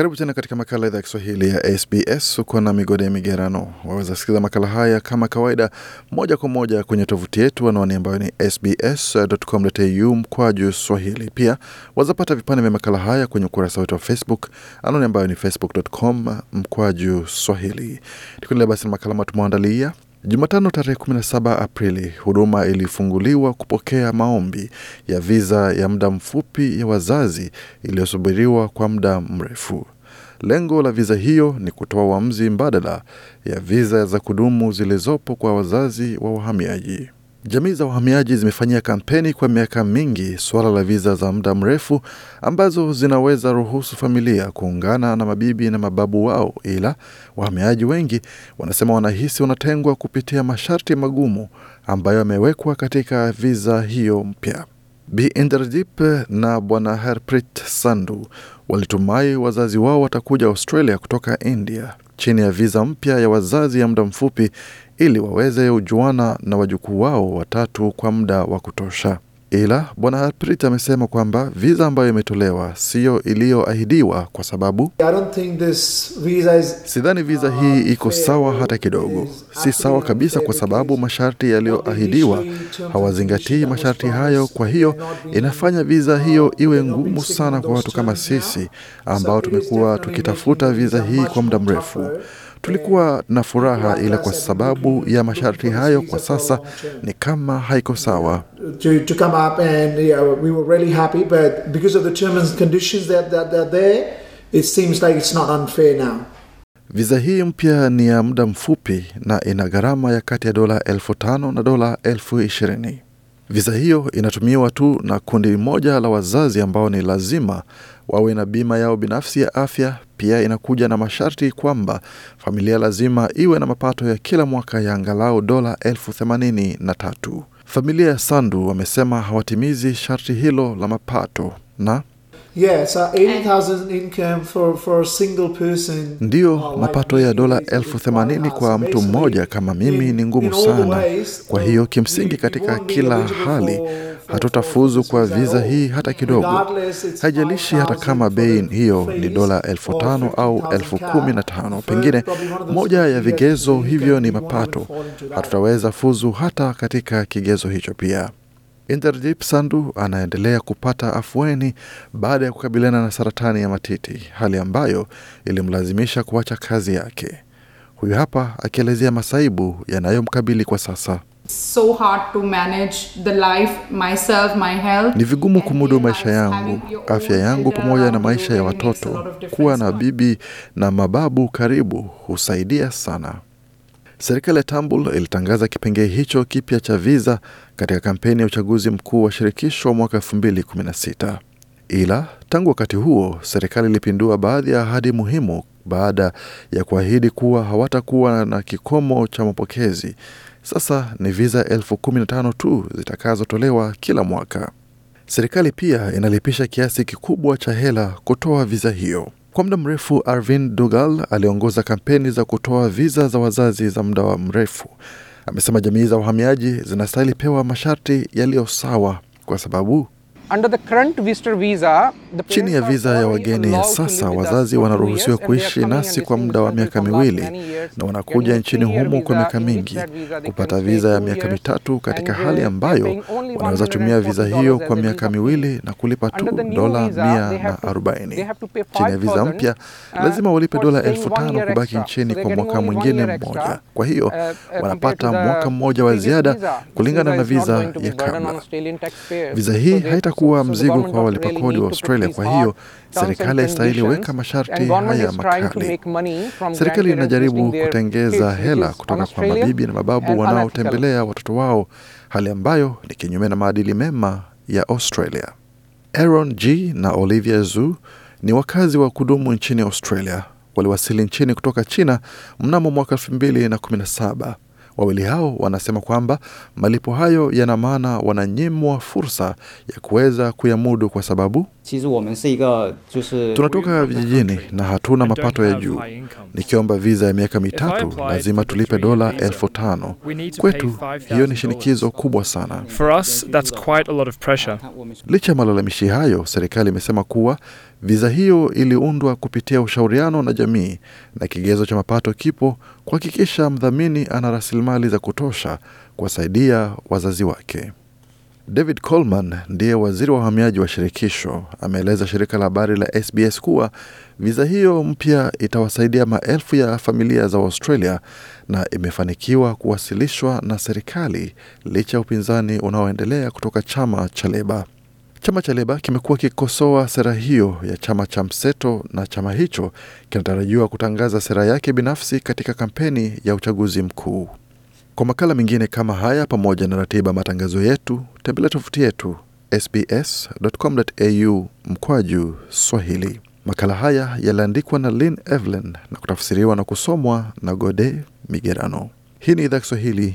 Karibu tena katika makala idhaa ya Kiswahili ya SBS. Uko na migode ya migerano. Waweza sikiliza makala haya kama kawaida moja kwa moja kwenye tovuti yetu, anwani ambayo ni sbs.com.au mkwaju swahili. Pia wazapata vipande vya makala haya kwenye ukurasa wetu wa Facebook, anwani ambayo ni facebook.com mkwaju swahili. Tukuendelea basi na makala matumaandalia Jumatano tarehe 17 Aprili, huduma ilifunguliwa kupokea maombi ya viza ya muda mfupi ya wazazi iliyosubiriwa kwa muda mrefu. Lengo la viza hiyo ni kutoa uamuzi mbadala ya viza za kudumu zilizopo kwa wazazi wa wahamiaji. Jamii za wahamiaji zimefanyia kampeni kwa miaka mingi suala la viza za muda mrefu ambazo zinaweza ruhusu familia kuungana na mabibi na mababu wao, ila wahamiaji wengi wanasema wanahisi wanatengwa kupitia masharti magumu ambayo yamewekwa katika viza hiyo mpya. Bi na Bwana Harpreet Sandhu walitumai wazazi wao watakuja Australia kutoka India chini ya viza mpya ya wazazi ya muda mfupi ili waweze ujuana na wajukuu wao watatu kwa muda wa kutosha. Ila bwana Harpreet amesema kwamba viza ambayo imetolewa siyo iliyoahidiwa, kwa sababu sidhani viza uh, hii iko sawa hata kidogo, si sawa kabisa, kwa sababu masharti yaliyoahidiwa hawazingatii masharti hayo. Kwa hiyo inafanya viza hiyo uh, iwe ngumu sana kwa watu kama sisi ambao tumekuwa tukitafuta viza hii kwa muda mrefu. Tulikuwa na furaha, ila kwa sababu ya masharti hayo, kwa sasa ni kama haiko sawa. Viza hii mpya ni ya muda mfupi na ina gharama ya kati ya dola elfu tano na dola elfu ishirini. Viza hiyo inatumiwa tu na kundi moja la wazazi ambao ni lazima wawe na bima yao binafsi ya afya. Pia inakuja na masharti kwamba familia lazima iwe na mapato ya kila mwaka ya angalau dola elfu themanini na tatu. Familia ya Sandu wamesema hawatimizi sharti hilo la mapato na Yes, for, for ndiyo uh, mapato ya dola elfu themanini kwa mtu mmoja kama mimi ni ngumu sana. Kwa hiyo kimsingi, katika kila hali hatutafuzu kwa viza hii hata kidogo, haijalishi hata kama bei hiyo ni dola elfu tano au elfu kumi na tano Pengine moja ya vigezo hivyo ni mapato, hatutaweza fuzu hata katika kigezo hicho pia. Inderjit Sandhu anaendelea kupata afueni baada ya kukabiliana na saratani ya matiti, hali ambayo ilimlazimisha kuacha kazi yake. Huyu hapa akielezea masaibu yanayomkabili kwa sasa. So hard to manage the life, myself, my health. Ni vigumu kumudu maisha yangu, afya yangu pamoja na maisha ya watoto. Kuwa na bibi na mababu karibu husaidia sana. Serikali ya Tambul ilitangaza kipengee hicho kipya cha viza katika kampeni ya uchaguzi mkuu wa shirikisho wa mwaka 2016. Ila tangu wakati huo serikali ilipindua baadhi ya ahadi muhimu baada ya kuahidi kuwa hawatakuwa na kikomo cha mapokezi sasa ni viza elfu kumi na tano tu zitakazotolewa kila mwaka. Serikali pia inalipisha kiasi kikubwa cha hela kutoa viza hiyo. Kwa muda mrefu, Arvin Dugal aliongoza kampeni za kutoa viza za wazazi za muda wa mrefu. Amesema jamii za uhamiaji zinastahili pewa masharti yaliyo sawa, kwa sababu chini ya viza ya wageni ya sasa, wazazi wanaruhusiwa kuishi nasi kwa muda wa miaka miwili na wanakuja nchini humo kwa miaka mingi kupata viza ya miaka mitatu, katika hali ambayo wanaweza tumia viza hiyo kwa miaka miwili na kulipa tu dola mia na arobaini. Chini ya viza mpya uh, lazima walipe dola elfu tano kubaki nchini kwa mwaka mwingine mmoja. Kwa hiyo uh, uh, wanapata mwaka mmoja wa ziada kulingana na viza ya kabla. Viza hii haita kuwa mzigo kwa walipakodi wa Australia. Kwa hiyo serikali haistahili weka masharti haya makali. Serikali inajaribu kutengeza hela kutoka kwa mabibi na mababu wanaotembelea watoto wao, hali ambayo ni kinyume na maadili mema ya Australia. Aaron G na Olivia Zu ni wakazi wa kudumu nchini Australia. Waliwasili nchini kutoka China mnamo mwaka 2017. Wawili hao wanasema kwamba malipo hayo yana maana wananyimwa fursa ya kuweza kuyamudu kwa sababu tunatoka vijijini na hatuna mapato ya juu. Nikiomba viza ya miaka mitatu lazima tulipe dola elfu tano. Kwetu hiyo ni shinikizo kubwa sana. Licha ya malalamishi hayo, serikali imesema kuwa Viza hiyo iliundwa kupitia ushauriano na jamii, na kigezo cha mapato kipo kuhakikisha mdhamini ana rasilimali za kutosha kuwasaidia wazazi wake. David Coleman ndiye waziri wa uhamiaji wa shirikisho, ameeleza shirika la habari la SBS kuwa viza hiyo mpya itawasaidia maelfu ya familia za Australia na imefanikiwa kuwasilishwa na serikali licha ya upinzani unaoendelea kutoka chama cha Leba. Chama cha Leba kimekuwa kikosoa sera hiyo ya chama cha mseto, na chama hicho kinatarajiwa kutangaza sera yake binafsi katika kampeni ya uchaguzi mkuu. Kwa makala mengine kama haya, pamoja na ratiba matangazo yetu, tembelea tovuti yetu sbs.com.au mkwaju Swahili. Makala haya yaliandikwa na Lynn Evelyn na kutafsiriwa na kusomwa na Gode Migerano. Hii ni idhaa Kiswahili